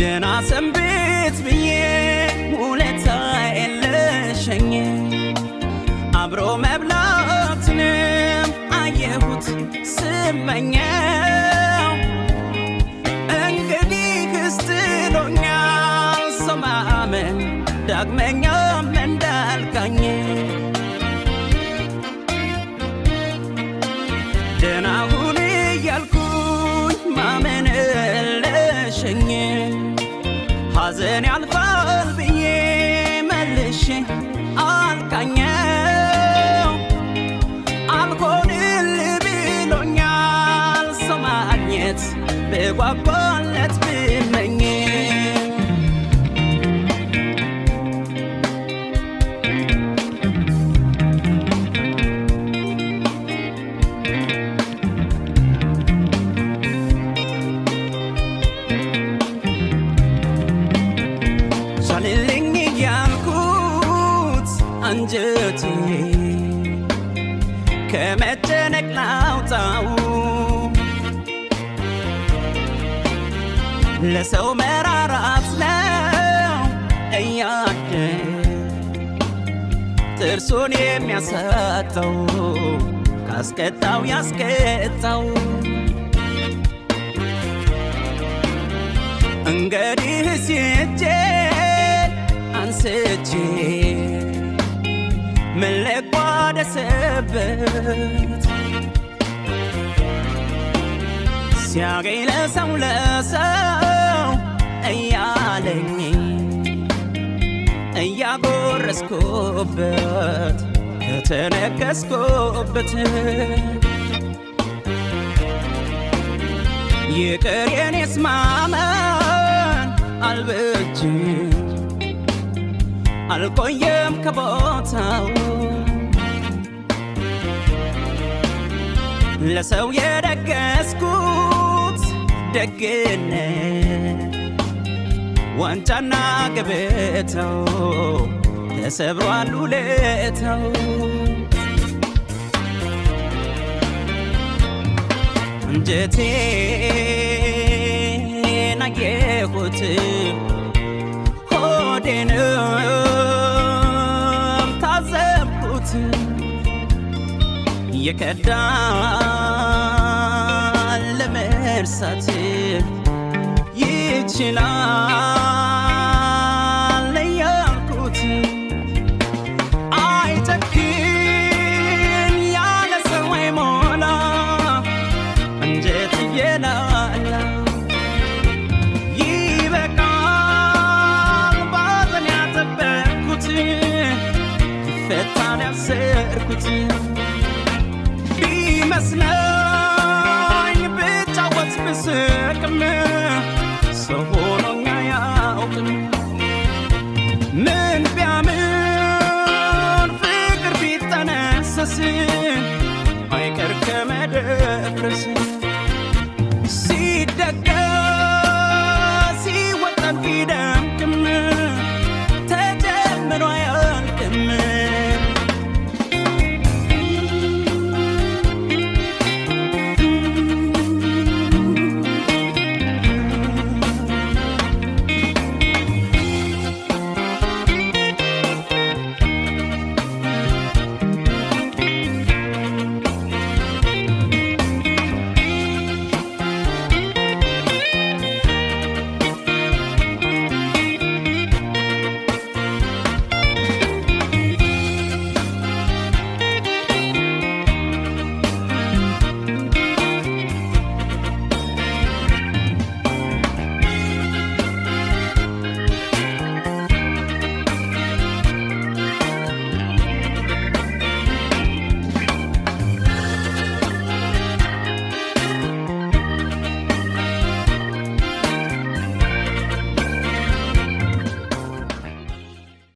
ደና ሰንብት ብዬ ውለታዬን ልሸኝ አብሮ መብላትንም አየሁት ስመኘው እንግዲህ ክስትሎኛል ሰው ማመን ዳግመኛም እንዳልካኝ ደና ሁን እያልኩኝ ማመን ልሸኝ ሐዘን ያልፋል ብዬ መልሼ አልቃኘው አልሆንል ብሎኛል ማግኘት ብጓጓ አንጀቴ ከመጨነቅ ላውጣው ለሰው መራራት ነው እያደ ጥርሱን የሚያሳጣው ካስቀጣው ያስቀጣው እንግዲህ ሲጄ አንስቼ መለቋ ደስበት ሲያገኝ ለሰው ለሰው እያለኝ እያጎረስኩበት ከተነከስኩበት ይቅር የኔስ ማመን አልበጅም አልቆየም ከቦታው ለሰው የደገስኩት ደግነት ዋንጫና ገበታው ተሰብሯል ውለታው እንጀቴን አየሁት የቀዳን ለመርሳት ይችላል ሲመስለኝ ብጫወት ብስቅም ሰው ሆኖኛ ያውቅም ምን ቢያምን ፍቅር ቢጠነሰስ አይቀር ከመደፍረስ ሲደገ